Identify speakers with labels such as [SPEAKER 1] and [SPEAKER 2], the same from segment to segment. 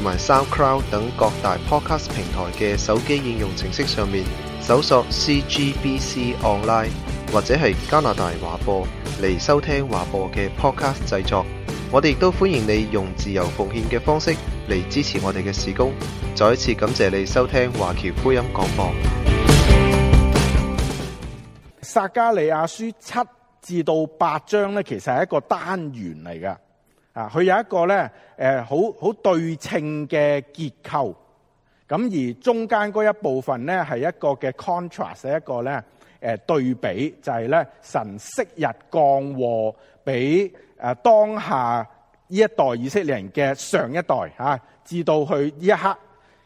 [SPEAKER 1] 同埋 SoundCloud 等各大 Podcast 平台嘅手機應用程式上面搜索 CGBC Online 或者係加拿大華播嚟收聽華播嘅 Podcast 製作，我哋亦都歡迎你用自由奉獻嘅方式嚟支持我哋嘅事工。再一次感謝你收聽華僑福音廣播。撒迦利亞書七至到八章咧，其實係一個單元嚟噶。啊，佢有一個咧，誒好好對稱嘅結構，咁而中間嗰一部分咧係一個嘅 contrast，一個咧誒對比，就係咧神昔日降禍俾誒當下呢一代以色列人嘅上一代嚇，至到去呢一刻，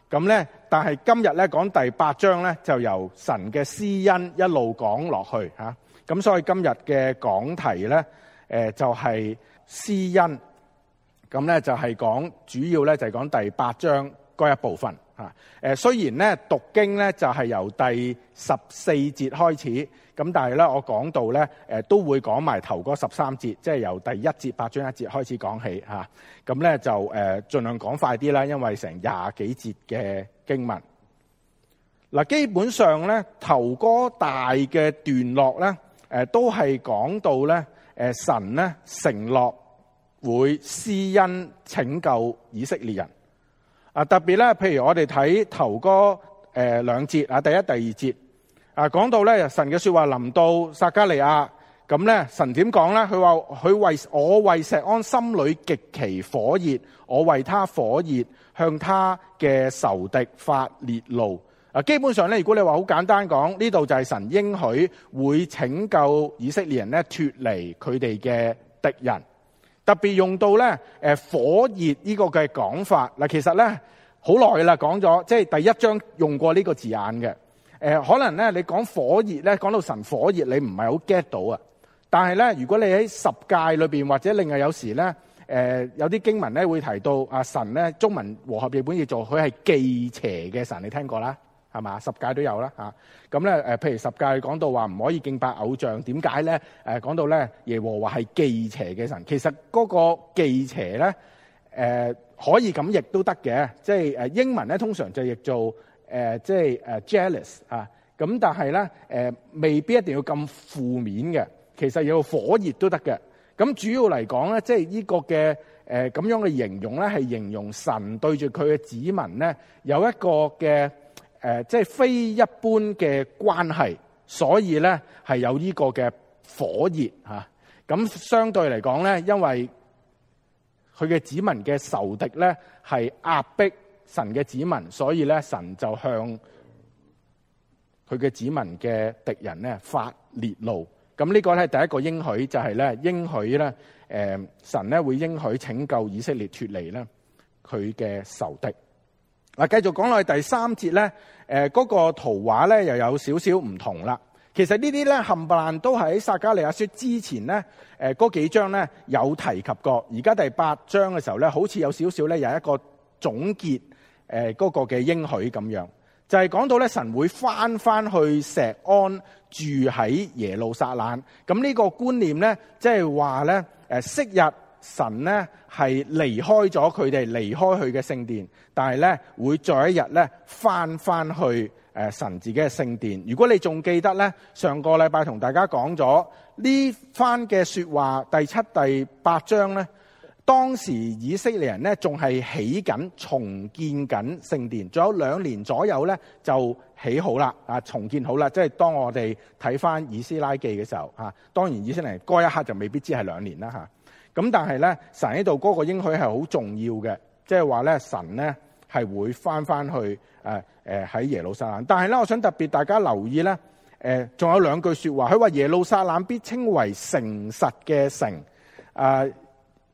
[SPEAKER 1] 咁咧但係今日咧講第八章咧，就由神嘅施恩一路講落去嚇，咁所以今日嘅講題咧，誒就係施恩。咁咧就係講，主要咧就係講第八章嗰一部分吓。誒，雖然咧讀經咧就係由第十四節開始，咁但係咧我講到咧誒都會講埋頭嗰十三節，即係由第一節八章一節開始講起吓。咁咧就誒盡量講快啲啦，因為成廿幾節嘅經文。嗱，基本上咧頭嗰大嘅段落咧，誒都係講到咧，誒神咧承諾。會施恩拯救以色列人啊，特別咧，譬如我哋睇頭嗰誒兩節啊，第一、第二節啊，講到咧神嘅說話臨到撒迦利亞咁咧，神點講咧？佢話佢為我為錫安心裏極其火熱，我為他火熱向他嘅仇敵發烈怒啊。基本上咧，如果你話好簡單講，呢度就係神應許會拯救以色列人咧，脱離佢哋嘅敵人。特別用到咧，火熱呢個嘅講法嗱，其實咧好耐啦，講咗即係第一章用過呢個字眼嘅、呃，可能咧你講火熱咧，講到神火熱你唔係好 get 到啊，但係咧如果你喺十誡裏面，或者另外有時咧，誒、呃、有啲經文咧會提到神咧，中文和合譯本叫做佢係忌邪嘅神，你聽過啦？係嘛，十戒都有啦，咁咧，譬如十戒講到話唔可以敬拜偶像，點解咧？誒、啊、講到咧，耶和華係忌邪嘅神。其實嗰個忌邪咧、呃、可以咁譯都得嘅，即係英文咧通常就譯做、呃、即係、啊、jealous 啊。咁但係咧、呃、未必一定要咁負面嘅，其實要火熱都得嘅。咁主要嚟講咧，即係呢個嘅誒咁樣嘅形容咧，係形容神對住佢嘅子民咧有一個嘅。誒、呃，即係非一般嘅關係，所以咧係有呢個嘅火熱吓，咁、啊、相對嚟講咧，因為佢嘅子民嘅仇敵咧係壓迫神嘅子民，所以咧神就向佢嘅子民嘅敵人咧發烈怒，咁呢個咧第一個應許就係咧應許咧，誒、呃、神咧會應許拯救以色列脫離咧佢嘅仇敵。嗱，繼續講落去第三節咧，誒、呃、嗰、那個圖畫咧又有少少唔同啦。其實呢啲咧冚唪唥都喺撒迦利亞書之前咧，誒、呃、嗰幾章咧有提及過。而家第八章嘅時候咧，好似有少少咧有一個總結，誒、呃、嗰、那個嘅應許咁樣，就係、是、講到咧神會返返去錫安住喺耶路撒冷。咁呢個觀念咧，即係話咧誒昔日。神呢係離開咗佢哋，離開佢嘅聖殿，但係呢會再一日呢翻翻去、呃、神自己嘅聖殿。如果你仲記得呢，上個禮拜同大家講咗呢番嘅說話，第七、第八章呢，當時以色列人呢仲係起緊重建緊聖殿，仲有兩年左右呢就起好啦，啊重建好啦。即係當我哋睇翻《以斯拉記》嘅時候、啊，當然以色列人嗰一刻就未必知係兩年啦，啊。咁但係咧，神喺度嗰個應許係好重要嘅，即係話咧，神咧係會翻翻去誒喺、呃呃、耶路撒冷。但係咧，我想特別大家留意咧，誒、呃、仲有兩句說話，佢話耶路撒冷必稱為誠實嘅城，啊、呃、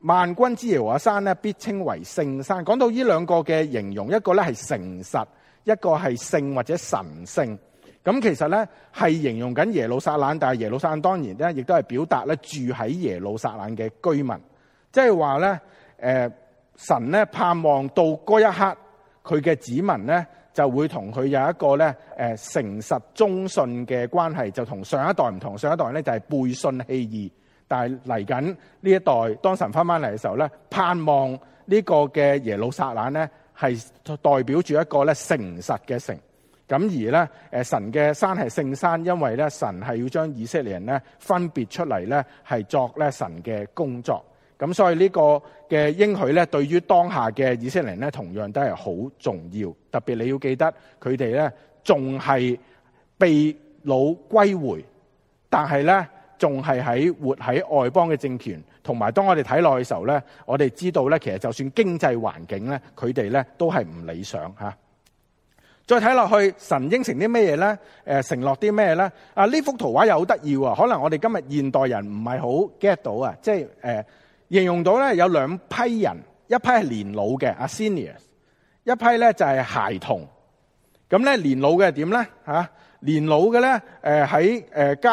[SPEAKER 1] 萬軍之耶和華山咧必稱為聖山。講到呢兩個嘅形容，一個咧係誠實，一個係聖或者神聖。咁其實咧係形容緊耶路撒冷，但係耶路撒冷當然咧亦都係表達咧住喺耶路撒冷嘅居民，即係話咧誒神咧盼望到嗰一刻佢嘅子民咧就會同佢有一個咧誒誠實忠信嘅關係，就同上一代唔同，上一代咧就係背信棄義，但係嚟緊呢一代當神翻翻嚟嘅時候咧，盼望呢個嘅耶路撒冷咧係代表住一個咧誠實嘅城。咁而咧，誒神嘅山係聖山，因為咧神係要將以色列人咧分別出嚟咧，係作咧神嘅工作。咁所以呢個嘅應許咧，對於當下嘅以色列人咧，同樣都係好重要。特別你要記得，佢哋咧仲係被擄歸回，但係咧仲係喺活喺外邦嘅政權，同埋當我哋睇落嘅時候咧，我哋知道咧，其實就算經濟環境咧，佢哋咧都係唔理想吓。再睇落去，神應承啲咩嘢咧？誒、呃，承諾啲咩咧？啊，呢幅圖畫又好得意喎！可能我哋今日現代人唔係好 get 到啊，即係、呃、形容到咧有兩批人，一批係年老嘅，阿 Seniors；一批咧就係、是、孩童。咁咧年老嘅係點咧？年老嘅咧喺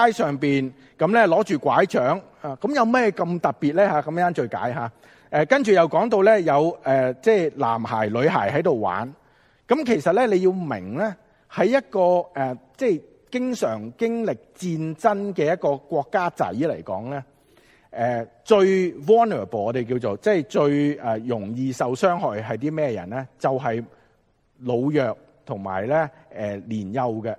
[SPEAKER 1] 街上邊，咁咧攞住拐杖啊！咁有咩咁特別咧？嚇咁樣再解一下。跟、呃、住又講到咧有、呃、即係男孩女孩喺度玩。咁其實咧，你要明咧喺一個、呃、即係經常經歷戰爭嘅一個國家仔嚟講咧、呃，最 vulnerable 我哋叫做即係最呃、容易受傷害係啲咩人咧？就係、是、老弱同埋咧呃、年幼嘅。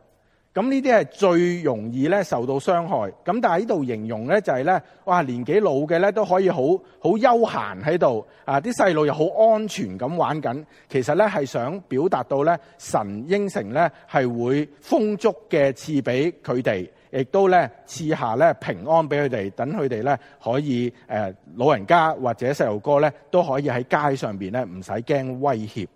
[SPEAKER 1] 咁呢啲係最容易咧受到傷害，咁但係呢度形容咧就係、是、咧，哇年紀老嘅咧都可以好好悠閒喺度，啊啲細路又好安全咁玩緊。其實咧係想表達到咧，神應承咧係會豐足嘅賜俾佢哋，亦都咧賜下咧平安俾佢哋，等佢哋咧可以、呃、老人家或者細路哥咧都可以喺街上面咧唔使驚威脅。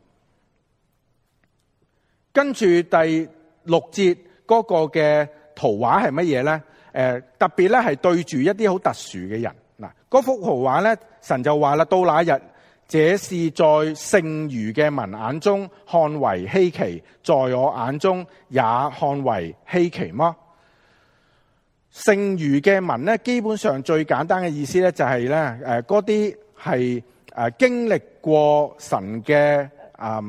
[SPEAKER 1] 跟住第六節。嗰個嘅圖畫係乜嘢咧？誒、呃，特別咧係對住一啲好特殊嘅人嗱，嗰幅圖畫咧，神就話啦：到那日，這事在剩餘嘅民眼中看為稀奇，在我眼中也看為稀奇嗎？剩餘嘅民咧，基本上最簡單嘅意思咧、就是，就係咧，誒，嗰啲係誒經歷過神嘅誒、呃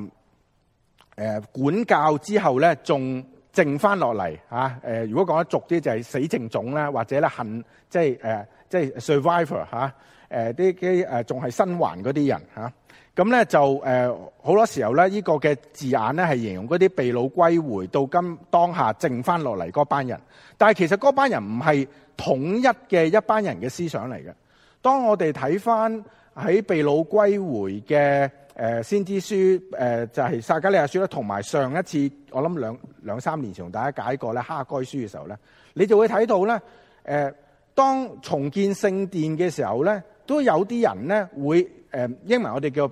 [SPEAKER 1] 呃、管教之後咧，仲。剩翻落嚟嚇，如果講得俗啲就係、是、死剩種啦，或者咧幸即係誒、呃、即係 survivor 嚇、啊，啲啲仲係生還嗰啲人咁咧、啊、就誒、呃、好多時候咧呢、呢個嘅字眼咧係形容嗰啲被擄歸回到今當下剩翻落嚟嗰班人，但係其實嗰班人唔係統一嘅一班人嘅思想嚟嘅。當我哋睇翻喺被擄歸回嘅。誒、呃、先知書，誒、呃、就係撒迦利亞書啦，同埋上一次我諗兩兩三年前同大家解過咧哈該書嘅時候咧，你就會睇到咧，誒、呃、當重建聖殿嘅時候咧，都有啲人咧會誒、呃、英文我哋叫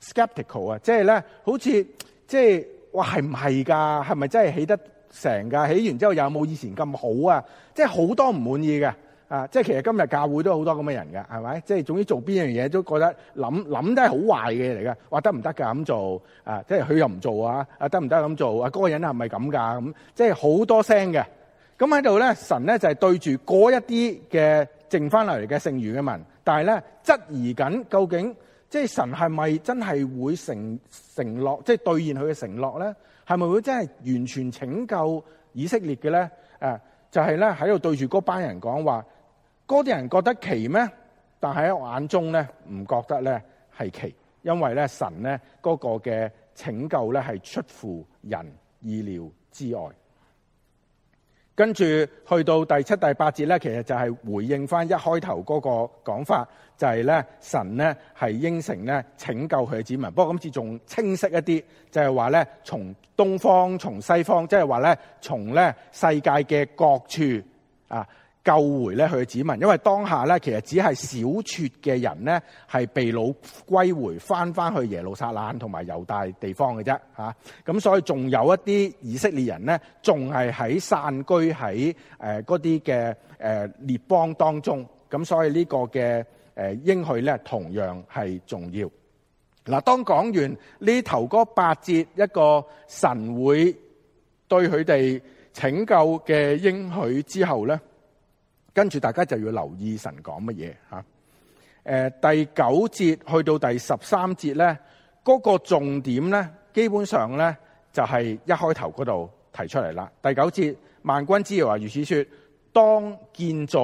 [SPEAKER 1] skeptical 啊，即係咧好似即係話係唔係㗎？係咪真係起得成㗎？起完之後有冇以前咁好啊？即係好多唔滿意嘅。啊，即係其實今日教會都好多咁嘅人㗎，係咪？即係總之做邊樣嘢都覺得諗諗都係好壞嘅嘢嚟㗎。話得唔得噶咁做？啊，即係佢又唔做啊，啊得唔得咁做？啊嗰、這個人係咪咁噶？咁、嗯、即係好多聲嘅，咁喺度咧，神咧就係、是、對住嗰一啲嘅剩翻嚟嘅剩餘嘅民，但係咧質疑緊究竟即係神係咪真係會承承諾，即、就、係、是、兌現佢嘅承諾咧？係咪會真係完全拯救以色列嘅咧？誒、啊，就係咧喺度對住嗰班人講話。嗰啲人覺得奇咩？但喺我眼中咧，唔覺得咧係奇，因為咧神咧嗰個嘅拯救咧係出乎人意料之外。跟住去到第七、第八節咧，其實就係回應返一開頭嗰個講法，就係咧神咧係應承咧拯救佢嘅子民。不過今次仲清晰一啲，就係話咧從東方、從西方，即係話咧從咧世界嘅各處啊。救回咧佢嘅子民，因為當下咧其實只係小撮嘅人咧係被擄歸回翻翻去耶路撒冷同埋猶大地方嘅啫吓，咁所以仲有一啲以色列人咧，仲係喺散居喺誒嗰啲嘅誒列邦當中。咁所以呢個嘅誒應許咧，同樣係重要嗱。當講完呢頭嗰八節一個神會對佢哋拯救嘅應許之後咧。跟住大家就要留意神講乜嘢吓。誒第九節去到第十三節咧，嗰個重點咧，基本上咧就係一開頭嗰度提出嚟啦。第九節，萬軍之耶和華如此說：當建造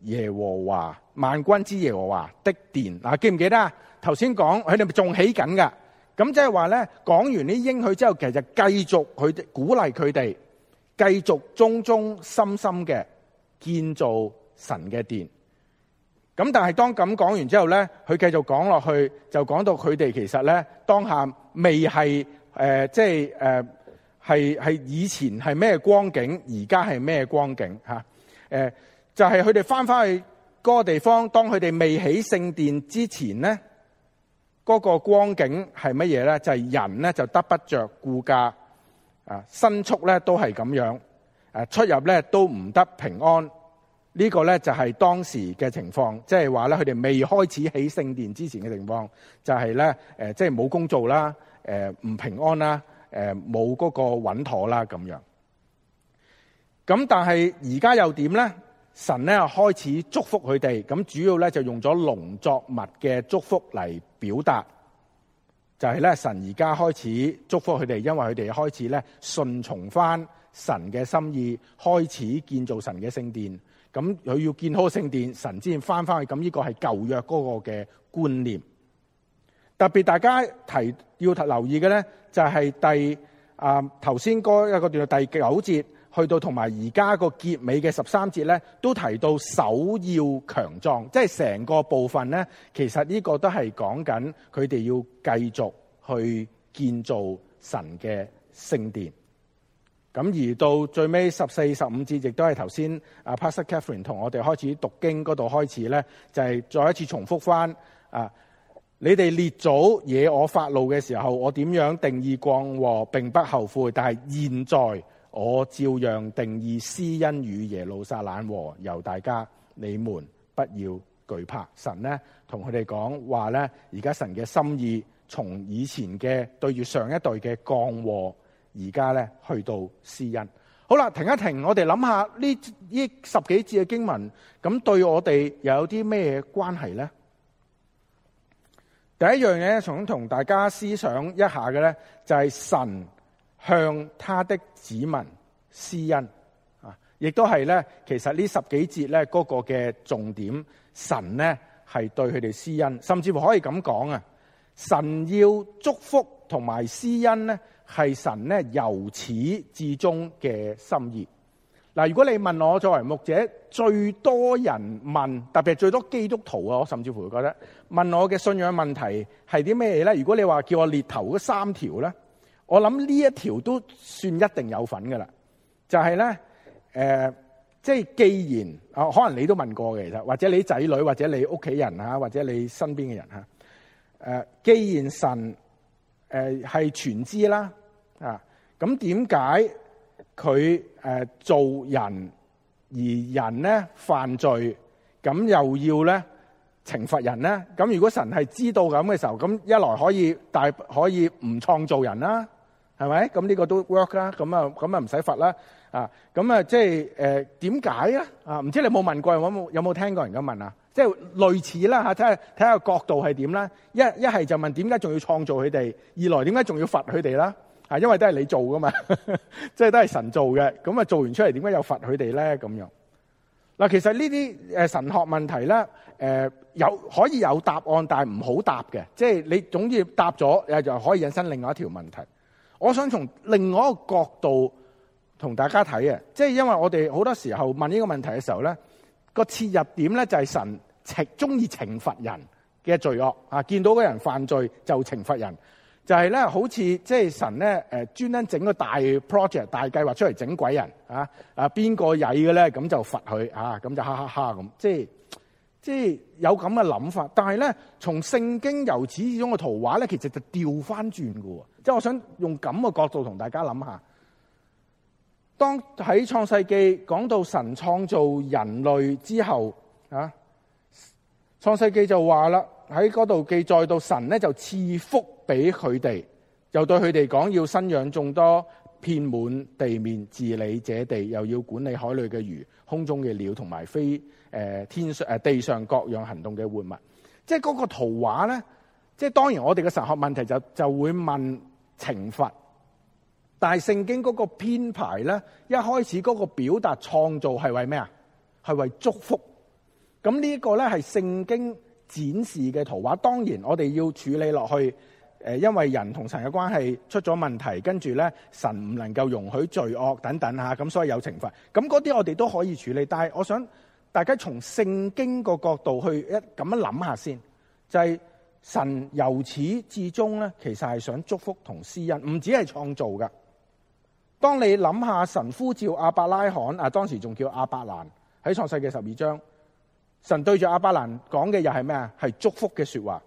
[SPEAKER 1] 耶和華萬軍之耶和華的殿。啊記唔記得啊？頭先講佢哋咪仲起緊噶。咁即係話咧，講完呢應許之後其實就繼續佢哋鼓勵佢哋，繼續忠忠心心嘅。建造神嘅殿，咁但係當咁講完之後呢，佢繼續講落去就講到佢哋其實呢，當下未係誒，即係誒係係以前係咩光景，而家係咩光景吓？誒、啊，就係佢哋翻翻去嗰個地方，當佢哋未起聖殿之前呢，嗰、那個光景係乜嘢呢？就係、是、人呢，就得不着雇價啊，牲畜呢都係咁樣。誒，出入咧都唔得平安，呢、這個咧，就係當時嘅情況，即係話咧佢哋未開始起聖殿之前嘅情況，就係咧誒，即係冇工做啦，誒唔平安啦，誒冇嗰個穩妥啦咁樣。咁但係而家又點咧？神咧開始祝福佢哋，咁主要咧就用咗農作物嘅祝福嚟表達，就係、是、咧神而家開始祝福佢哋，因為佢哋開始咧順從翻。神嘅心意開始建造神嘅聖殿，咁佢要建好聖殿，神先翻翻去。咁呢個係舊約嗰個嘅觀念。特別大家提要留意嘅咧，就係、是、第啊頭先嗰一個段第九節，去到同埋而家個結尾嘅十三節咧，都提到首要強壯，即係成個部分咧，其實呢個都係講緊佢哋要繼續去建造神嘅聖殿。咁而到最尾十四、十五節，亦都係頭先阿 Pastor Catherine 同我哋開始讀經嗰度開始呢就係、是、再一次重複翻啊！你哋列祖惹我發怒嘅時候，我點樣定意降禍，並不後悔，但係現在我照樣定意施恩與耶路撒冷和猶大家，你們不要懼怕。神呢同佢哋講話呢，而家神嘅心意從以前嘅對住上一代嘅降禍。」而家咧去到施恩，好啦，停一停，我哋諗下呢呢十幾節嘅經文，咁對我哋又有啲咩嘢關係咧？第一樣嘢想同大家思想一下嘅呢，就係神向他的子民施恩啊，亦都係呢，其實呢十幾節呢，嗰個嘅重點，神呢係對佢哋施恩，甚至乎可以咁講啊，神要祝福。同埋施恩咧，係神咧由始至終嘅心意嗱。如果你問我作為牧者最多人問，特別最多基督徒啊，我甚至乎覺得問我嘅信仰問題係啲咩嘢咧？如果你話叫我列頭嗰三條咧，我諗呢一條都算一定有份噶啦，就係咧誒，即係既然啊，可能你都問過嘅，其實或者你仔女或者你屋企人啊，或者你身邊嘅人吓誒、呃，既然神。誒係、呃、全知啦，啊，咁點解佢誒做人而人咧犯罪，咁又要咧懲罰人咧？咁如果神係知道咁嘅時候，咁一來可以大可以唔創造人啦，係咪？咁呢個都 work 啦，咁啊咁啊唔使罰啦，啊，咁啊即係誒點解啊？啊，唔知你有冇問過，有冇有冇聽過人咁問啊？即係類似啦嚇，睇下睇下角度係點啦。一一係就問點解仲要創造佢哋；二來點解仲要罰佢哋啦？啊，因為都係你做噶嘛，即 係都係神做嘅。咁啊做完出嚟，點解又罰佢哋咧？咁樣嗱，其實呢啲神學問題咧、呃，有可以有答案，但係唔好答嘅。即係你總之答咗就可以引申另外一條問題。我想從另外一個角度同大家睇嘅，即係因為我哋好多時候問呢個問題嘅時候咧。個切入點咧就係神鍾中意懲罰人嘅罪惡啊！見到嗰人犯罪就懲罰人，就係咧好似即係神咧誒專登整個大 project 大計劃出嚟整鬼人啊！啊邊個曳嘅咧咁就罰佢啊！咁就哈哈哈咁即係即係有咁嘅諗法，但係咧從聖經由始至終嘅圖畫咧，其實就調翻轉嘅喎。即係我想用咁嘅角度同大家諗下。當喺創世記講到神創造人類之後啊，創世記就話啦，喺嗰度記載到神咧就賜福俾佢哋，又對佢哋講，要生養眾多，遍滿地面，治理這地，又要管理海裏嘅魚、空中嘅鳥同埋飛誒天上誒、呃、地上各樣行動嘅活物，即係嗰個圖畫咧，即係當然我哋嘅神學問題就就會問懲罰。但係聖經嗰個編排呢，一開始嗰個表達創造係為咩啊？係為祝福。咁呢個呢係聖經展示嘅圖畫。當然我哋要處理落去，誒，因為人同神嘅關係出咗問題，跟住呢，神唔能夠容許罪惡等等吓，咁所以有懲罰。咁嗰啲我哋都可以處理。但係我想大家從聖經個角度去一咁樣諗下先，就係、是、神由始至終呢，其實係想祝福同施恩，唔止係創造噶。當你諗下神呼召亞伯拉罕，啊當時仲叫亞伯蘭喺創世紀十二章，神對住亞伯蘭講嘅又係咩啊？係祝福嘅說話，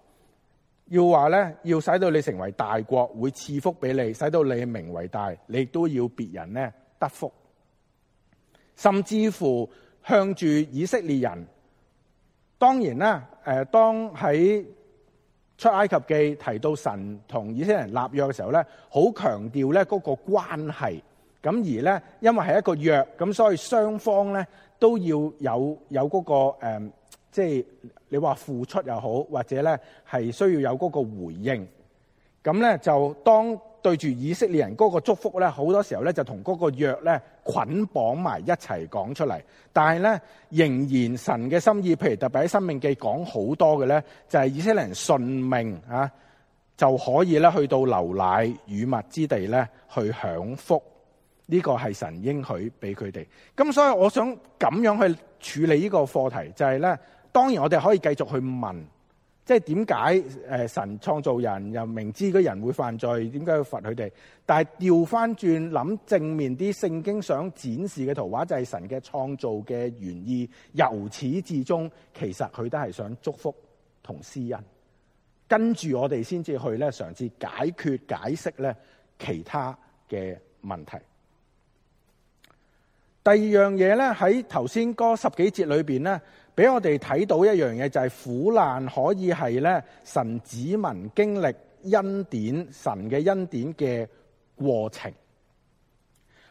[SPEAKER 1] 要話咧要使到你成為大國，會賜福俾你，使到你名為大，你亦都要別人咧得福，甚至乎向住以色列人。當然啦，誒、呃、當喺。出埃及記提到神同以色列人立約嘅時候咧，好強調咧嗰個關係。咁而咧，因為係一個約，咁所以雙方咧都要有有嗰個誒，即係你話付出又好，或者咧係需要有嗰個回應。咁咧就當對住以色列人嗰個祝福咧，好多時候咧就同嗰個約咧，捆綁埋一齊講出嚟，但係呢，仍然神嘅心意，譬如特別喺《申命記》講好多嘅呢，就係、是、以色列人順命啊，就可以咧去到流奶與蜜之地呢去享福，呢、這個係神應許俾佢哋。咁所以我想咁樣去處理呢個課題，就係、是、呢：當然我哋可以繼續去問。即係點解？誒，神創造人又明知嗰人會犯罪，點解要罰佢哋？但係調翻轉諗正面啲，聖經想展示嘅圖畫就係神嘅創造嘅原意，由始至終其實佢都係想祝福同施恩。跟住我哋先至去咧嘗試解決、解釋咧其他嘅問題。第二樣嘢咧喺頭先嗰十幾節裏邊咧。俾我哋睇到一樣嘢，就係、是、苦難可以係咧神子民經歷恩典，神嘅恩典嘅過程。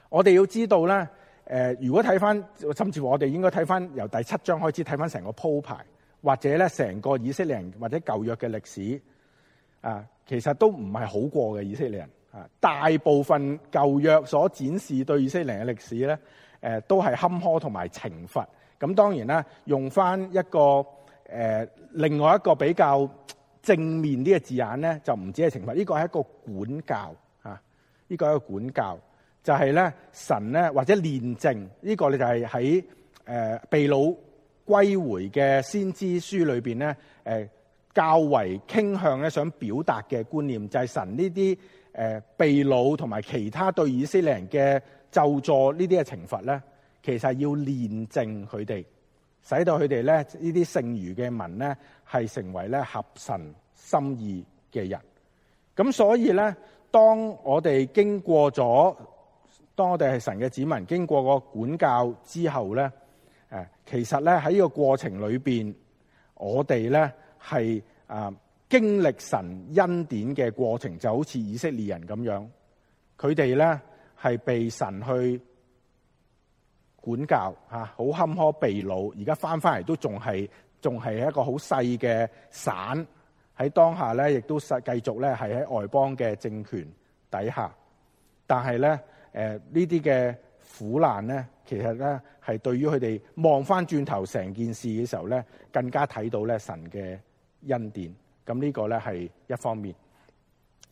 [SPEAKER 1] 我哋要知道咧，誒，如果睇翻甚至乎我哋應該睇翻由第七章開始睇翻成個鋪排，或者咧成個以色列人或者舊約嘅歷史啊，其實都唔係好過嘅以色列人啊。大部分舊約所展示對以色列嘅歷史咧，誒，都係坎坷同埋懲罰。咁當然咧，用翻一個誒、呃，另外一個比較正面啲嘅字眼咧，就唔止係懲罰，呢個係一個管教啊！呢個一個管教，就係、是、咧神咧或者煉淨呢、這個是在，你就係喺誒被擄歸回嘅先知書裏邊咧，誒、呃、較為傾向咧想表達嘅觀念，就係、是、神呢啲誒被擄同埋其他對以色列人嘅咒詛呢啲嘅懲罰咧。其實要練證佢哋，使到佢哋咧，呢啲剩餘嘅民咧，係成為咧合神心意嘅人。咁所以咧，當我哋經過咗，當我哋係神嘅子民，經過個管教之後咧，誒，其實咧喺呢個過程裏邊，我哋咧係啊經歷神恩典嘅過程，就好似以色列人咁樣，佢哋咧係被神去。管教嚇好坎坷，被擄而家翻翻嚟都仲係仲係一個好細嘅省。喺當下咧，亦都細繼續咧係喺外邦嘅政權底下。但係咧，誒，呢啲嘅苦難咧，其實咧係對於佢哋望翻轉頭成件事嘅時候咧，更加睇到咧神嘅恩典。咁呢個咧係一方面，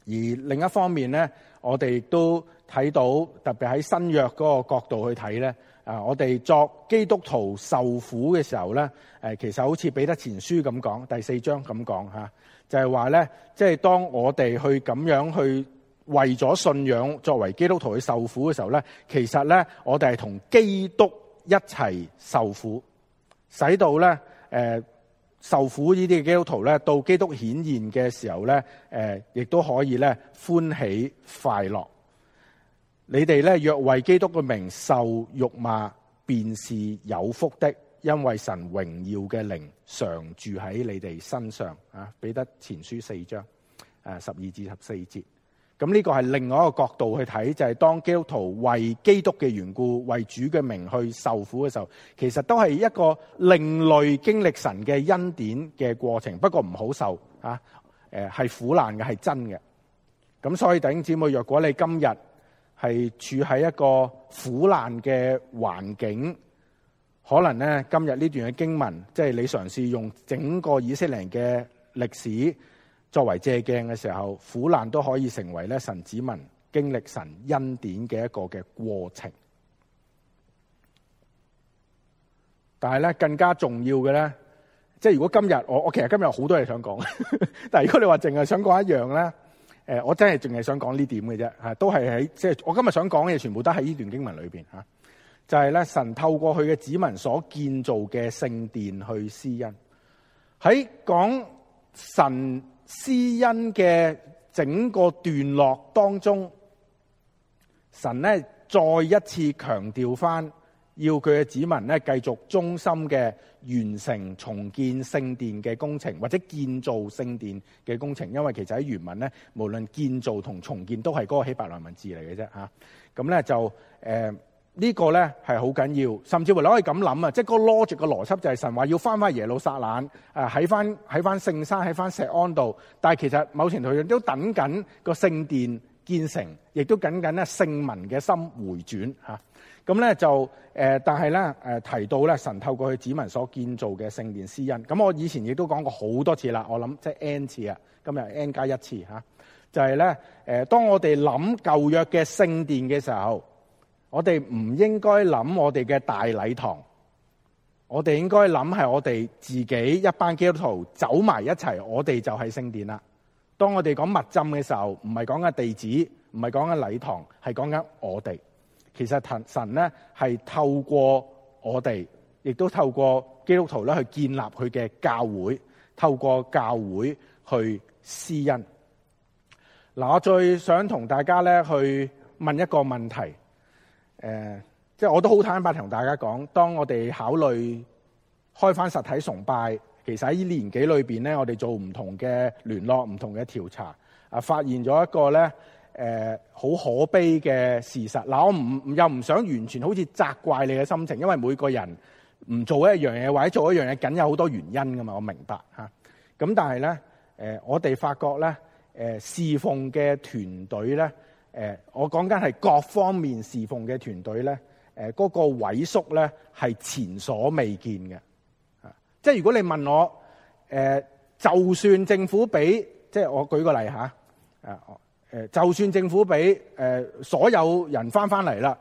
[SPEAKER 1] 而另一方面咧，我哋亦都睇到特別喺新約嗰個角度去睇咧。啊！我哋作基督徒受苦嘅時候咧，誒其實好似彼得前書咁講，第四章咁講吓，就係話咧，即係當我哋去咁樣去為咗信仰作為基督徒去受苦嘅時候咧，其實咧我哋係同基督一齊受苦，使到咧誒受苦呢啲基督徒咧到基督顯現嘅時候咧，誒亦都可以咧歡喜快樂。你哋咧若為基督嘅名受辱罵，便是有福的，因為神榮耀嘅靈常住喺你哋身上。啊，彼得前書四章誒、啊、十二至十四節，咁呢、這個係另外一個角度去睇，就係、是、當基督徒為基督嘅緣故，為主嘅名去受苦嘅時候，其實都係一個另類經歷神嘅恩典嘅過程。不過唔好受啊，誒係苦難嘅係真嘅。咁所以頂姐妹，若果你今日，係住喺一個苦難嘅環境，可能咧今日呢段嘅經文，即係你嘗試用整個以色列嘅歷史作為借鏡嘅時候，苦難都可以成為咧神子民經歷神恩典嘅一個嘅過程。但係咧更加重要嘅咧，即係如果今日我我其實今日有好多嘢想講， 但係如果你話淨係想講一樣咧。誒，我真係淨係想講呢點嘅啫，吓都係喺即係我今日想講嘅，全部都喺呢段經文裏邊吓，就係咧神透過佢嘅子民所建造嘅聖殿去施恩，喺講神施恩嘅整個段落當中，神咧再一次強調翻，要佢嘅子民咧繼續忠心嘅。完成重建聖殿嘅工程，或者建造聖殿嘅工程，因為其實喺原文咧，無論建造同重建都係嗰個希伯來文字嚟嘅啫嚇。咁、啊、咧、嗯、就誒、呃這個、呢個咧係好緊要，甚至乎你可以咁諗啊，即個 logic 嘅邏輯就係神話要翻翻耶路撒冷，誒喺翻喺翻聖山喺翻錫安度，但係其實某程度上都等緊個聖殿。.建成，亦都僅僅咧聖民嘅心回轉吓，咁、啊、咧就誒、呃，但係咧誒提到咧神透過佢子民所建造嘅聖殿施恩，咁我以前亦都講過好多次啦，我諗即係 n 次，n 次啊，今日 n 加一次吓，就係咧誒當我哋諗舊約嘅聖殿嘅時候，我哋唔應該諗我哋嘅大禮堂，我哋應該諗係我哋自己一班基督徒走埋一齊，我哋就係聖殿啦。當我哋講麥浸嘅時候，唔係講緊地址，唔係講緊禮堂，係講緊我哋。其實神呢係透過我哋，亦都透過基督徒咧去建立佢嘅教會，透過教會去施恩。嗱，我最想同大家咧去問一個問題，誒、呃，即係我都好坦白同大家講，當我哋考慮開翻實體崇拜。其實喺呢年紀裏邊咧，我哋做唔同嘅聯絡、唔同嘅調查，啊發現咗一個咧，誒、呃、好可悲嘅事實。嗱、呃，我唔又唔想完全好似責怪你嘅心情，因為每個人唔做一樣嘢或者做一樣嘢，梗有好多原因噶嘛。我明白嚇。咁、啊、但係咧，誒、呃、我哋發覺咧，誒、呃、侍奉嘅團隊咧，誒、呃、我講緊係各方面侍奉嘅團隊咧，誒、呃、嗰、嗰個萎縮咧係前所未見嘅。即係如果你問我，誒，就算政府俾，即係我舉個例嚇，就算政府俾、啊呃，所有人翻翻嚟啦，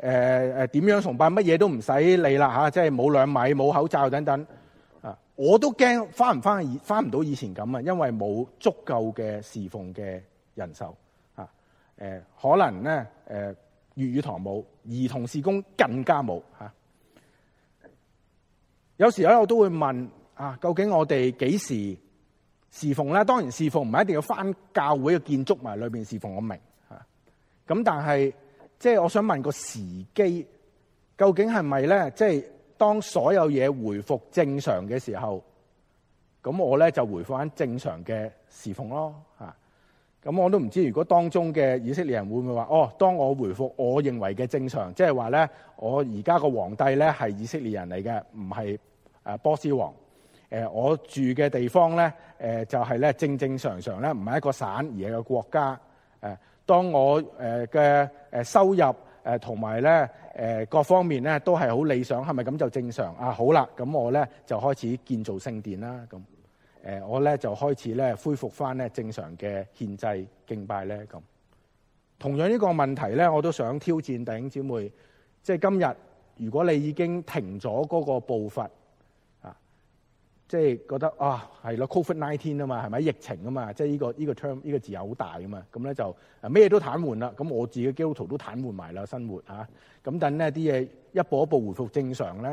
[SPEAKER 1] 誒、呃，誒，點樣崇拜乜嘢都唔使理啦、啊、即係冇兩米冇口罩等等，啊，我都驚翻唔翻，翻唔到以前咁啊，因為冇足夠嘅侍奉嘅人手、啊呃，可能咧，誒、呃，粵語堂冇，兒童事工更加冇嚇。有時候我都會問啊，究竟我哋幾時侍奉咧？當然侍奉唔係一定要翻教會嘅建築埋裏面侍奉，我明啊。咁但係即係我想問個時機，究竟係咪咧？即係當所有嘢回復正常嘅時候，咁我咧就回復翻正常嘅侍奉咯啊。咁我都唔知，如果當中嘅以色列人會唔會話哦？當我回復我認為嘅正常，即係話咧，我而家個皇帝咧係以色列人嚟嘅，唔係波斯王。呃、我住嘅地方咧、呃，就係、是、咧正正常常咧，唔係一個省而係個國家。誒、呃，當我嘅、呃、收入同埋咧各方面咧都係好理想，係咪咁就正常？啊，好啦，咁我咧就開始建造聖殿啦咁。誒、呃、我咧就開始咧恢復翻咧正常嘅獻祭敬拜咧咁。同樣呢個問題咧，我都想挑戰弟兄姊妹。即係今日，如果你已經停咗嗰個步伐啊，即、就、係、是、覺得啊係咯，COVID-19 啊嘛，係咪疫情啊嘛？即係、這、呢個呢、這個 term 呢個字眼好大噶嘛。咁咧就咩、啊、都癱瘓啦。咁我自己基督徒都癱瘓埋啦生活嚇。咁、啊、等呢啲嘢一步一步回復正常咧。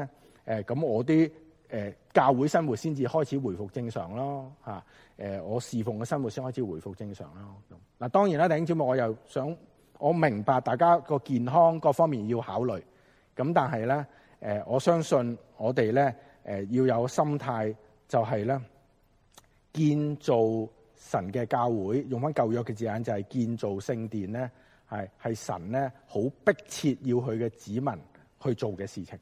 [SPEAKER 1] 誒、啊、咁我啲。誒，教會生活先至開始回復正常咯，吓，誒，我侍奉嘅生活先開始回復正常咯。嗱，當然啦，弟兄姊妹，我又想，我明白大家個健康各方面要考慮，咁但係咧，誒、呃，我相信我哋咧，誒、呃，要有心態，就係咧，建造神嘅教會，用翻舊約嘅字眼就係建造聖殿咧，係係神咧好迫切要佢嘅子民去做嘅事情。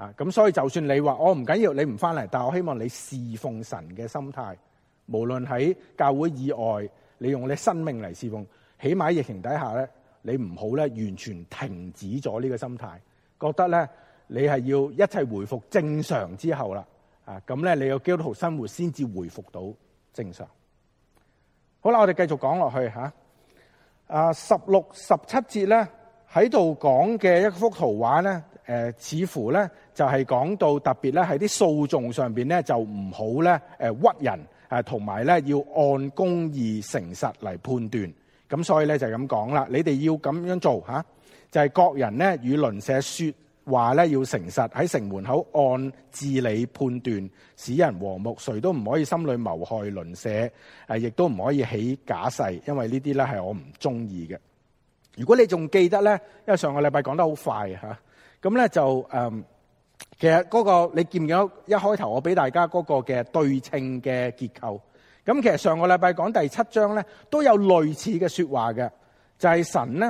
[SPEAKER 1] 啊，咁所以就算你話我唔緊要，你唔翻嚟，但係我希望你侍奉神嘅心態，無論喺教會以外，你用你生命嚟侍奉，起碼疫情底下咧，你唔好咧完全停止咗呢個心態，覺得咧你係要一切回復正常之後啦，啊，咁咧你嘅基督徒生活先至回復到正常。好啦，我哋繼續講落去吓，啊，十六、十七節咧喺度講嘅一幅圖畫咧。誒、呃，似乎咧就係、是、講到特別咧喺啲訴訟上邊咧就唔好咧誒屈人，誒同埋咧要按公義誠實嚟判斷。咁所以咧就咁講啦，你哋要咁樣做吓、啊，就係、是、各人咧與鄰舍說話咧要誠實，喺城門口按治理判斷，使人和睦，誰都唔可以心裏謀害鄰舍，誒、啊、亦都唔可以起假誓，因為呢啲咧係我唔中意嘅。如果你仲記得咧，因為上個禮拜講得好快吓。啊咁咧就誒、嗯、其實嗰個你見唔見到一開頭我俾大家嗰個嘅對稱嘅結構，咁其實上個禮拜講第七章咧，都有類似嘅說話嘅，就係神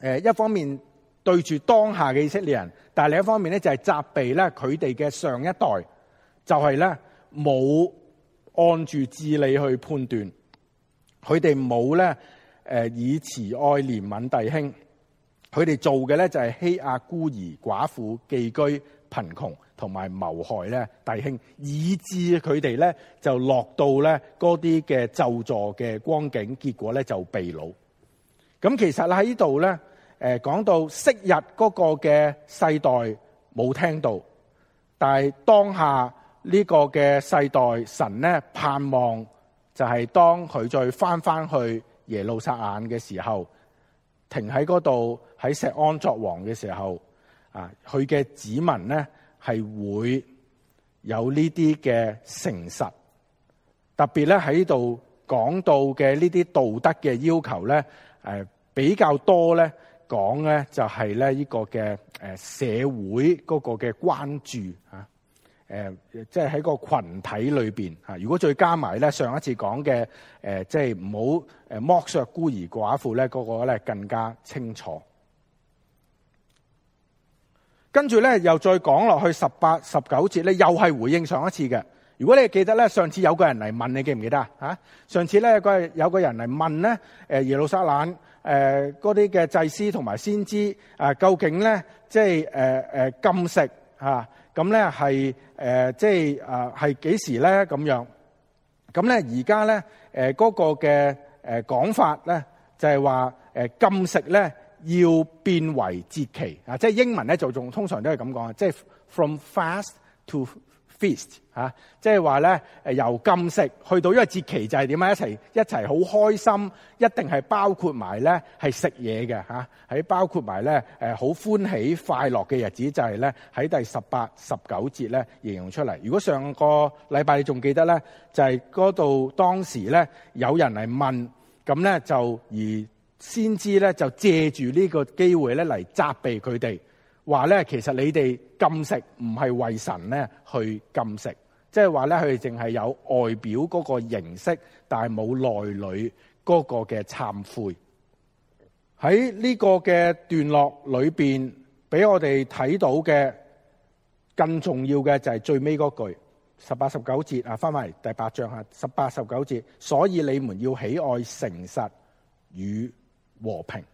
[SPEAKER 1] 咧，誒一方面對住當下嘅以色列人，但係另一方面咧就係責備咧佢哋嘅上一代，就係咧冇按住至理去判斷，佢哋冇咧誒以慈愛憐憫弟兄。佢哋做嘅咧就係欺壓孤兒寡婦，寄居貧窮，同埋謀害咧弟兄，以致佢哋咧就落到咧嗰啲嘅咒詛嘅光景，結果咧就被擄，咁其實喺呢度咧，誒講到昔日嗰個嘅世代冇聽到，但係當下呢個嘅世代，神咧盼望就係當佢再翻翻去耶路撒冷嘅時候，停喺嗰度，喺錫安作王嘅時候，啊，佢嘅子民咧係會有呢啲嘅誠實，特別咧喺度講到嘅呢啲道德嘅要求咧，誒比較多咧講咧就係咧呢個嘅誒社會嗰個嘅關注嚇。誒即係喺個群體裏面，如果再加埋咧，上一次講嘅誒，即係唔好誒剝削孤兒寡婦咧，嗰個咧更加清楚。跟住咧又再講落去十八十九節咧，又係回應上一次嘅。如果你記得咧，上次有個人嚟問你記唔記得啊？上次咧有個人嚟問咧、呃，耶路撒冷誒嗰啲嘅祭司同埋先知啊、呃，究竟咧即係誒誒禁食、啊咁咧係誒，即係啊，係幾時咧？咁樣咁咧，而家咧誒嗰個嘅誒講法咧，就係話誒禁食咧要變為節期啊！即係英文咧就仲通常都係咁講啊，即係 from fast to feast 吓即係話咧由禁食去到，因為節期就係點啊？一齊一齊好開心，一定係包括埋咧係食嘢嘅吓，喺包括埋咧好歡喜快樂嘅日子，就係咧喺第十八十九節咧形容出嚟。如果上個禮拜你仲記得咧，就係嗰度當時咧有人嚟問，咁咧就而先知咧就借住呢個機會咧嚟責備佢哋。話咧，其實你哋禁食唔係為神咧去禁食，即係話咧佢哋淨係有外表嗰個形式，但係冇內裏嗰個嘅懺悔。喺呢個嘅段落裏邊，俾我哋睇到嘅更重要嘅就係最尾嗰句十八十九節啊，翻埋第八章吓，十八十九節。所以你們要喜愛誠實與和平，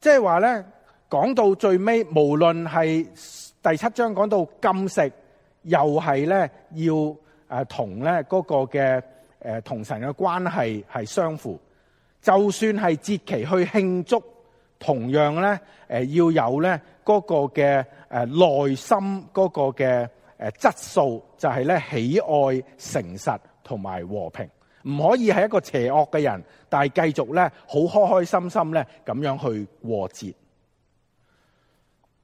[SPEAKER 1] 即係話咧。講到最尾，無論係第七章講到禁食，又係咧要同咧嗰個嘅同神嘅關係係相符。就算係節期去慶祝，同樣咧要有咧嗰個嘅誒內心嗰個嘅誒質素，就係、是、咧喜愛誠實同埋和平，唔可以係一個邪惡嘅人，但係繼續咧好開開心心咧咁樣去過節。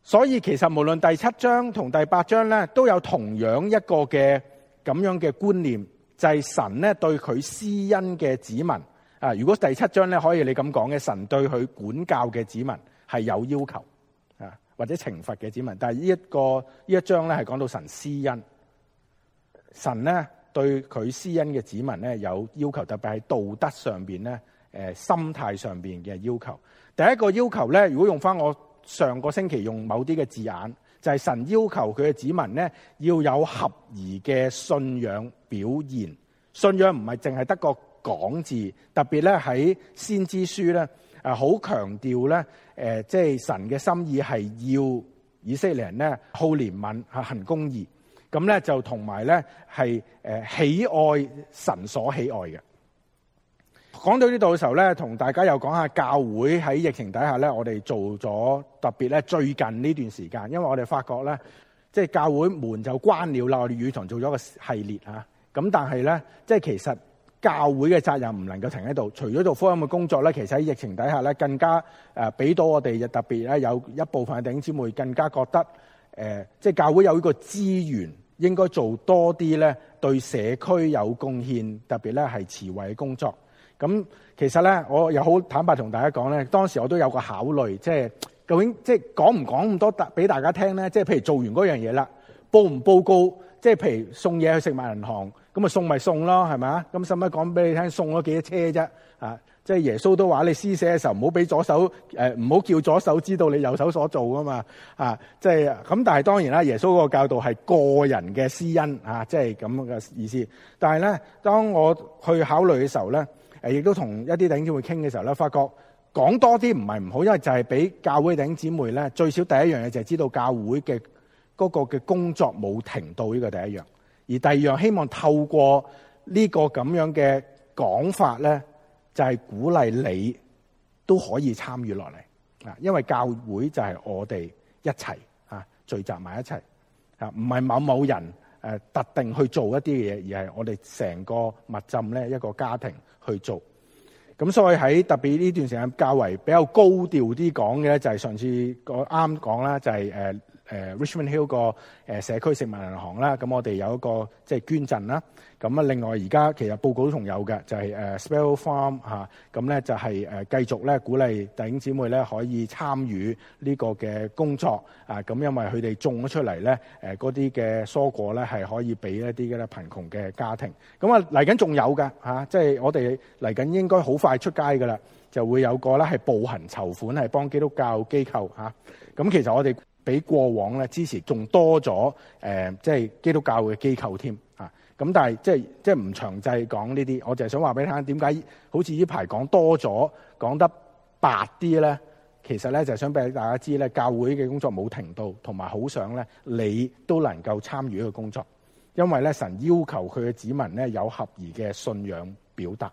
[SPEAKER 1] 所以其實無論第七章同第八章咧，都有同樣一個嘅咁樣嘅觀念，就係、是、神咧對佢施恩嘅子民啊。如果第七章咧可以你咁講嘅，神對佢管教嘅子民係有要求啊，或者懲罰嘅子民。但係呢一個呢一章咧係講到神施恩，神咧對佢施恩嘅子民咧有要求，特別係道德上邊咧誒心態上邊嘅要求。第一個要求咧，如果用翻我。上個星期用某啲嘅字眼，就係神要求佢嘅子民咧要有合宜嘅信仰表現。信仰唔係淨係得個講字，特別咧喺先知書咧，誒好強調咧，誒即係神嘅心意係要以色列人咧好憐憫吓行公義，咁咧就同埋咧係誒喜愛神所喜愛嘅。講到呢度嘅時候咧，同大家又講下教會喺疫情底下咧，我哋做咗特別咧。最近呢段時間，因為我哋發覺咧，即係教會門就關了啦。我哋語堂做咗個系列嚇，咁但係咧，即係其實教會嘅責任唔能夠停喺度。除咗做福音嘅工作咧，其實喺疫情底下咧，更加誒俾到我哋嘅特別咧，有一部分嘅弟兄姊妹更加覺得誒，即係教會有呢個資源應該做多啲咧，對社區有貢獻，特別咧係慈惠嘅工作。咁其實咧，我又好坦白同大家講咧，當時我都有個考慮，即係究竟即係講唔講咁多大俾大家聽咧？即係譬如做完嗰樣嘢啦，報唔報告？即係譬如送嘢去食物銀行，咁啊送咪送咯，係咪？咁使乜講俾你聽？送咗幾多車啫？啊！即係耶穌都話你施捨嘅時候，唔好俾左手誒，唔、呃、唔好叫左手知道你右手所做噶嘛？啊！即係咁，但係當然啦，耶穌嗰個教導係個人嘅私恩啊，即係咁嘅意思。但係咧，當我去考慮嘅時候咧。誒，亦都同一啲弟兄姊妹傾嘅時候咧，發覺講多啲唔係唔好，因為就係俾教會弟兄姊妹咧，最少第一樣嘢就係知道教會嘅嗰個嘅工作冇停到呢個第一樣，而第二樣希望透過呢個咁樣嘅講法咧，就係、是、鼓勵你都可以參與落嚟啊，因為教會就係我哋一齊啊聚集埋一齊啊，唔係某某人誒特定去做一啲嘢，而係我哋成個密浸咧一個家庭。去做咁，所以喺特別呢段時間較為比較高調啲講嘅咧，就係上次我啱講啦，就係誒。啊、Richmond Hill 個社區食物銀行啦，咁我哋有一個即係、就是、捐贈啦。咁啊，另外而家其實報告都仲有嘅，就係、是、Spell Farm 嚇、啊，咁、啊、咧就係、是、誒繼續咧鼓勵弟兄姊妹咧可以參與呢個嘅工作啊。咁因為佢哋種咗出嚟咧，嗰啲嘅蔬果咧係可以俾一啲嘅咧貧窮嘅家庭。咁啊嚟緊仲有嘅嚇，即係我哋嚟緊應該好快出街噶啦，就會有個呢係步行籌款係幫基督教機構嚇。咁、啊啊、其實我哋。比過往咧支持仲多咗、呃，即係基督教會嘅機構添，啊，咁但係即係即係唔詳細講呢啲，我就係想話俾你聽，點解好似呢排講多咗，講得白啲咧？其實咧就係、想俾大家知咧，教會嘅工作冇停到，同埋好想咧，你都能夠參與呢個工作，因為咧神要求佢嘅子民咧有合宜嘅信仰表達。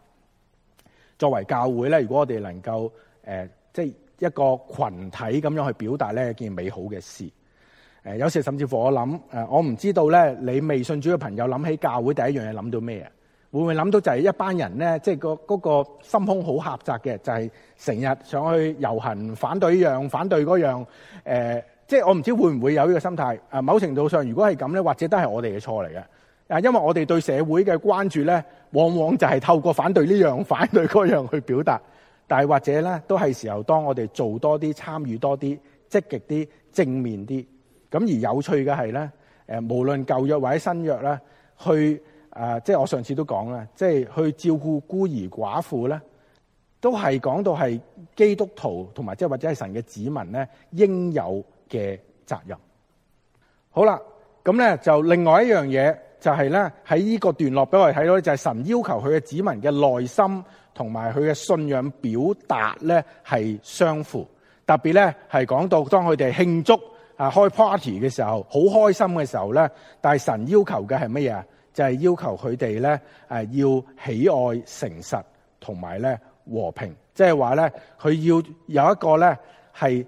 [SPEAKER 1] 作為教會咧，如果我哋能夠、呃、即係。一個群體咁樣去表達呢件美好嘅事、呃。有時甚至乎我諗、呃，我唔知道呢。你未信主嘅朋友諗起教會第一樣嘢諗到咩啊？會唔會諗到就係一班人呢？即係嗰、嗰個嗰個心胸好狹窄嘅，就係成日想去遊行反對呢樣、反對嗰樣。呃、即係我唔知會唔會有呢個心態、呃。某程度上，如果係咁呢，或者都係我哋嘅錯嚟嘅。因為我哋對社會嘅關注呢，往往就係透過反對呢樣、反對嗰樣去表達。但係或者咧，都係時候當我哋做多啲，參與多啲，積極啲，正面啲。咁而有趣嘅係咧，誒，無論舊約或者新約咧，去誒，即係我上次都講啦，即係去照顧孤兒寡婦咧，都係講到係基督徒同埋即係或者係神嘅子民咧，應有嘅責任。好啦，咁咧就另外一樣嘢。就係咧，喺呢個段落俾我哋睇到咧，就係神要求佢嘅子民嘅內心同埋佢嘅信仰表達咧係相符。特別咧係講到當佢哋慶祝啊開 party 嘅時候，好開心嘅時候咧，但係神要求嘅係乜嘢？就係要求佢哋咧誒要喜愛誠實同埋咧和平，即係話咧佢要有一個咧係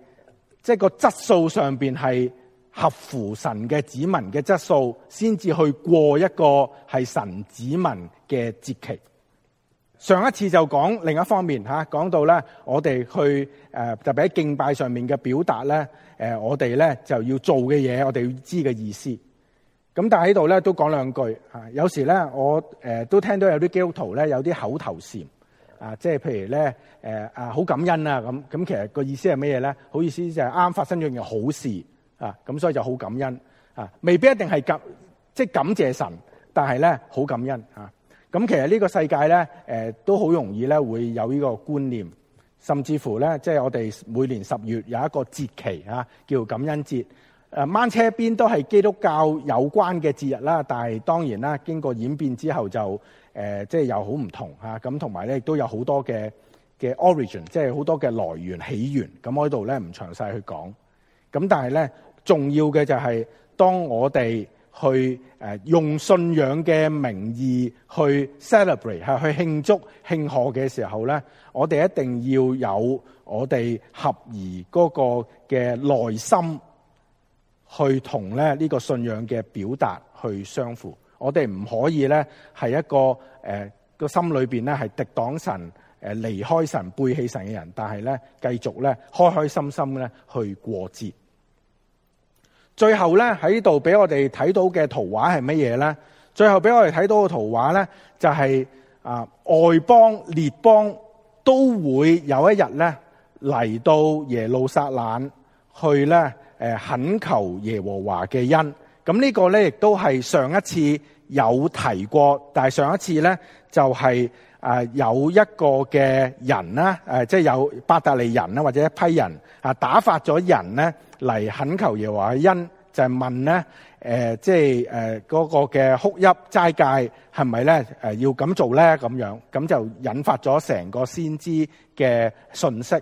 [SPEAKER 1] 即係個質素上邊係。合乎神嘅子民嘅質素，先至去過一個係神子民嘅節期。上一次就講另一方面吓，講到咧我哋去誒特別喺敬拜上面嘅表達咧，誒我哋咧就要做嘅嘢，我哋要知嘅意思。咁但係喺度咧都講兩句吓。有時咧我誒都聽到有啲基督徒咧有啲口頭禪啊，即係譬如咧誒啊好感恩啊咁咁，其實個意思係咩嘢咧？好意思就係啱啱發生咗件好事。啊，咁所以就好感恩啊，未必一定係感，即、就、係、是、感謝神，但係咧好感恩啊。咁其實呢個世界咧，誒、呃、都好容易咧會有呢個觀念，甚至乎咧即係我哋每年十月有一個節期啊，叫感恩節。誒、啊，掹車邊都係基督教有關嘅節日啦，啊，但係當然啦，經過演變之後就誒即係又好唔同啊。咁同埋咧亦都有好多嘅嘅 origin，即係好多嘅來源起源。咁我喺度咧唔詳細去講，咁但係咧。重要嘅就係、是、當我哋去誒、呃、用信仰嘅名義去 celebrate 係去慶祝慶賀嘅時候咧，我哋一定要有我哋合宜個嘅內心去同咧呢個信仰嘅表達去相符。我哋唔可以咧係一個誒個、呃、心裏邊咧係敵擋神誒離開神背棄神嘅人，但係咧繼續咧開開心心咧去過節。最後咧喺呢度俾我哋睇到嘅圖畫係乜嘢咧？最後俾我哋睇到嘅圖畫咧就係、是、啊、呃、外邦列邦都會有一日咧嚟到耶路撒冷去咧誒、呃、懇求耶和華嘅恩。咁呢個咧亦都係上一次有提過，但係上一次咧就係、是。啊、呃，有一個嘅人啦、呃，即係有伯特利人啦，或者一批人啊，打發咗人咧嚟，懇求耶和華嘅恩，就係、是、問咧、呃，即係誒嗰個嘅哭泣齋戒係咪咧，要咁做咧咁樣，咁就引發咗成個先知嘅訊息。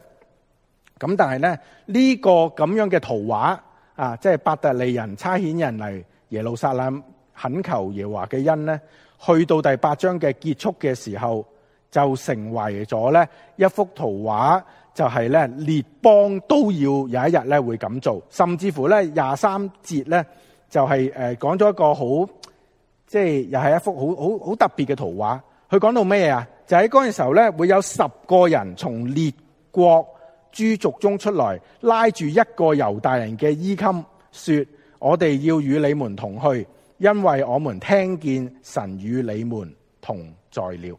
[SPEAKER 1] 咁但係咧，呢、這個咁樣嘅圖畫啊，即係伯特利人差遣人嚟耶路撒冷懇求耶和華嘅恩咧，去到第八章嘅結束嘅時候，就成為咗咧一幅圖畫，就係、是、咧列邦都要有一日咧會咁做，甚至乎咧廿三節咧就係誒講咗一個好即係又係一幅好好好特別嘅圖畫。佢講到咩嘢啊？就喺嗰陣時候咧會有十個人從列國諸族中出來，拉住一個猶大人嘅衣襟，說我哋要與你們同去，因為我們聽見神與你們同在了。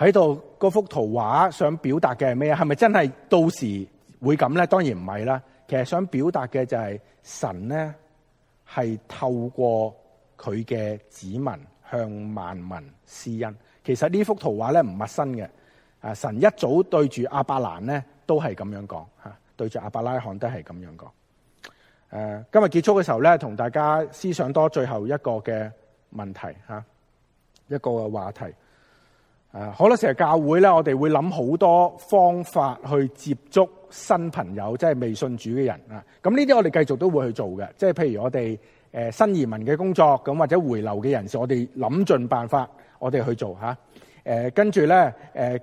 [SPEAKER 1] 喺度嗰幅圖畫想表達嘅係咩？係咪真係到時會咁咧？當然唔係啦。其實想表達嘅就係神咧，係透過佢嘅子民向萬民施恩。其實呢幅圖畫咧唔陌生嘅。啊，神一早對住亞伯蘭咧都係咁樣講吓，對住亞伯拉罕都係咁樣講。誒、呃，今日結束嘅時候咧，同大家思想多最後一個嘅問題吓，一個嘅話題。誒好多時喺教會咧，我哋會諗好多方法去接觸新朋友，即係未信主嘅人啊！咁呢啲我哋繼續都會去做嘅，即係譬如我哋新移民嘅工作，咁或者回流嘅人士，我哋諗盡辦法，我哋去做嚇。誒跟住咧，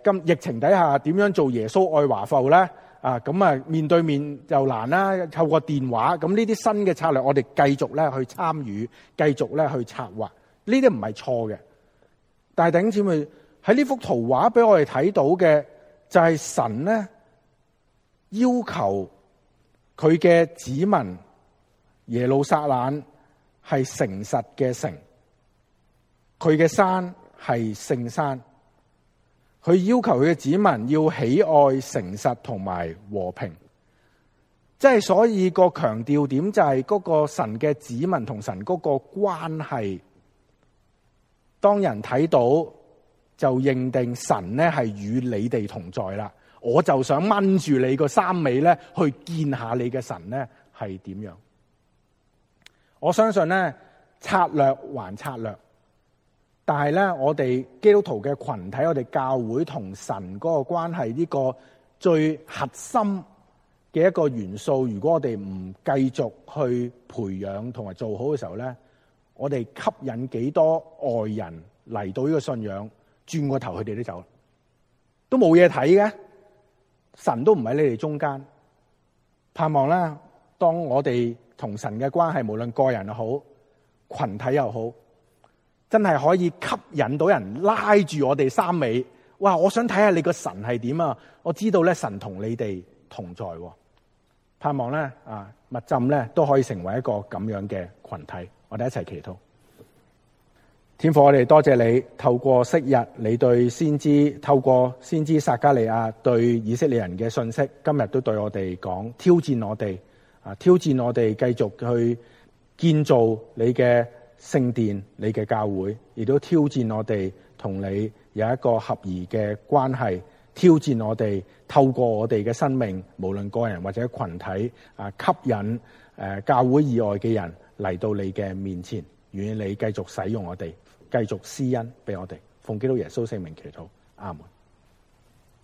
[SPEAKER 1] 今疫情底下點樣做耶穌愛華埠咧？啊咁啊面對面又難啦，透過電話，咁呢啲新嘅策略，我哋繼續咧去參與，繼續咧去策劃。呢啲唔係錯嘅，但係頂尖去。喺呢幅圖畫俾我哋睇到嘅，就係神咧要求佢嘅子民耶路撒冷係誠實嘅城，佢嘅山係聖山，佢要求佢嘅子民要喜愛誠實同埋和平。即係所以個強調點就係嗰個神嘅子民同神嗰個關係，當人睇到。就認定神咧係與你哋同在啦。我就想掹住你個三尾咧，去見下你嘅神咧係點樣。我相信咧，策略還策略，但係咧我哋基督徒嘅群體，我哋教會同神嗰個關係，呢個最核心嘅一個元素，如果我哋唔繼續去培養同埋做好嘅時候咧，我哋吸引幾多外人嚟到呢個信仰？轉過頭，佢哋都走，都冇嘢睇嘅。神都唔喺你哋中間。盼望咧，當我哋同神嘅關係，無論個人又好，群體又好，真係可以吸引到人，拉住我哋衫尾。哇！我想睇下你個神係點啊！我知道咧，神同你哋同在。盼望咧，啊，麥浸咧都可以成為一個咁樣嘅群體。我哋一齊祈禱。天父，我哋多謝，謝你透過昔日你對先知，透過先知撒迦利亞對以色列人嘅信息，今日都對我哋講，挑戰我哋啊，挑戰我哋繼續去建造你嘅聖殿、你嘅教會，亦都挑戰我哋同你有一個合宜嘅關係，挑戰我哋透過我哋嘅生命，無論個人或者群體啊，吸引誒、啊、教會以外嘅人嚟到你嘅面前，願意你繼續使用我哋。繼續施恩俾我哋，奉基督耶穌聖名祈禱，阿門。